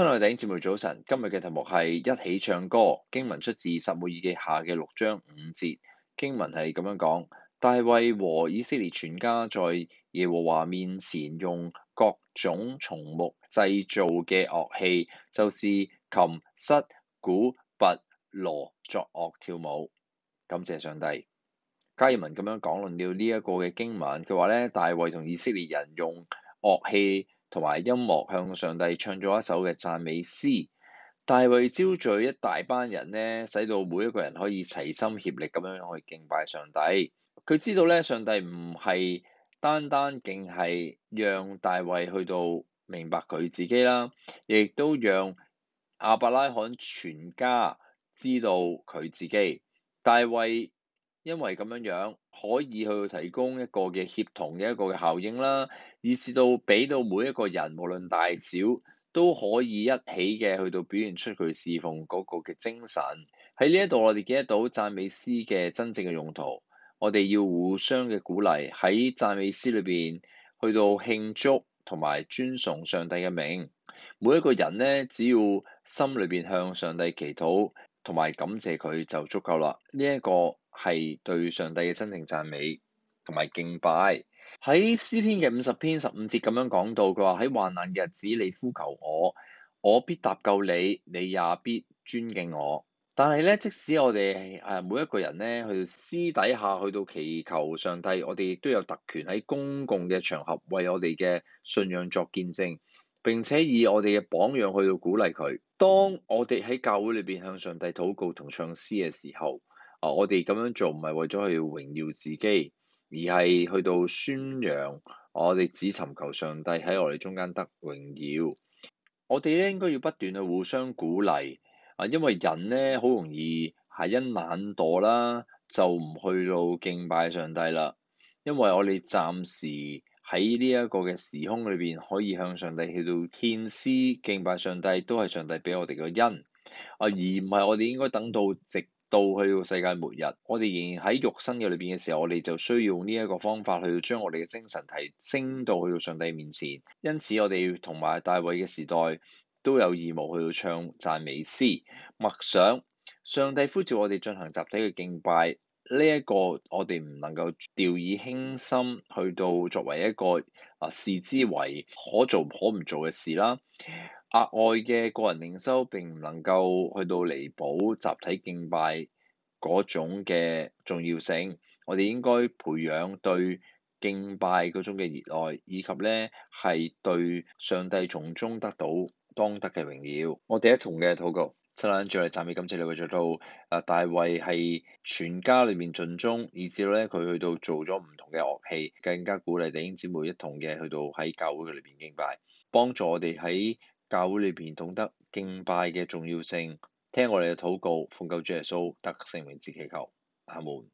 新愛頂節目早晨，今日嘅題目係一起唱歌。經文出自《撒母耳記下》嘅六章五節。經文係咁樣講：大衛和以色列全家在耶和華面前用各種松木製造嘅樂器，就是琴、瑟、鼓、鈸、鑼作樂跳舞。感謝上帝。加爾文咁樣講論了呢一個嘅經文，佢話咧：大衛同以色列人用樂器。同埋音樂向上帝唱咗一首嘅讚美詩，大衛招聚一大班人呢，使到每一個人可以齊心協力咁樣去敬拜上帝。佢知道咧，上帝唔係單單淨係讓大衛去到明白佢自己啦，亦都讓亞伯拉罕全家知道佢自己。大衛。因為咁樣樣可以去提供一個嘅協同嘅一個嘅效應啦，以至到俾到每一個人無論大小都可以一起嘅去到表現出佢侍奉嗰個嘅精神。喺呢一度我哋見得到讚美詩嘅真正嘅用途。我哋要互相嘅鼓勵喺讚美詩裏邊去到慶祝同埋尊崇上帝嘅名。每一個人呢，只要心裏邊向上帝祈禱同埋感謝佢就足夠啦。呢一個。係對上帝嘅真誠讚美同埋敬拜。喺詩篇嘅五十篇十五節咁樣講到，佢話喺患難嘅日子，你呼求我，我必搭救你，你也必尊敬我。但係咧，即使我哋誒每一個人咧去到私底下去到祈求上帝，我哋亦都有特權喺公共嘅場合為我哋嘅信仰作見證，並且以我哋嘅榜樣去到鼓勵佢。當我哋喺教會裏邊向上帝禱告同唱詩嘅時候，啊，我哋咁樣做唔係為咗去榮耀自己，而係去到宣揚我哋只尋求上帝喺我哋中間得榮耀。我哋咧應該要不斷去互相鼓勵，啊，因為人咧好容易陷入懶惰啦，就唔去到敬拜上帝啦。因為我哋暫時喺呢一個嘅時空裏邊，可以向上帝去到獻詩敬拜上帝，都係上帝俾我哋嘅恩。啊，而唔係我哋應該等到值。到去到世界末日，我哋仍然喺肉身嘅裏邊嘅時候，我哋就需要用呢一個方法去到將我哋嘅精神提升到去到上帝面前。因此，我哋同埋大衛嘅時代都有義務去到唱讚美詩，默想上帝呼召我哋進行集體嘅敬拜。呢一個，我哋唔能夠掉以輕心，去到作為一個啊視之為可做可唔做嘅事啦。額外嘅個人靈修並唔能夠去到彌補集體敬拜嗰種嘅重要性，我哋應該培養對敬拜嗰種嘅熱愛，以及咧係對上帝從中得到當得嘅榮耀。我哋一同嘅禱告，親親主嚟讚美感謝你，做到啊大衛係全家裏面盡忠，以至咧佢去到做咗唔同嘅樂器，更加鼓勵弟兄姊妹一同嘅去到喺教會嘅裏邊敬拜，幫助我哋喺教會裏邊懂得敬拜嘅重要性，聽我哋嘅禱告，奉救主耶穌得聖名之祈求。阿門。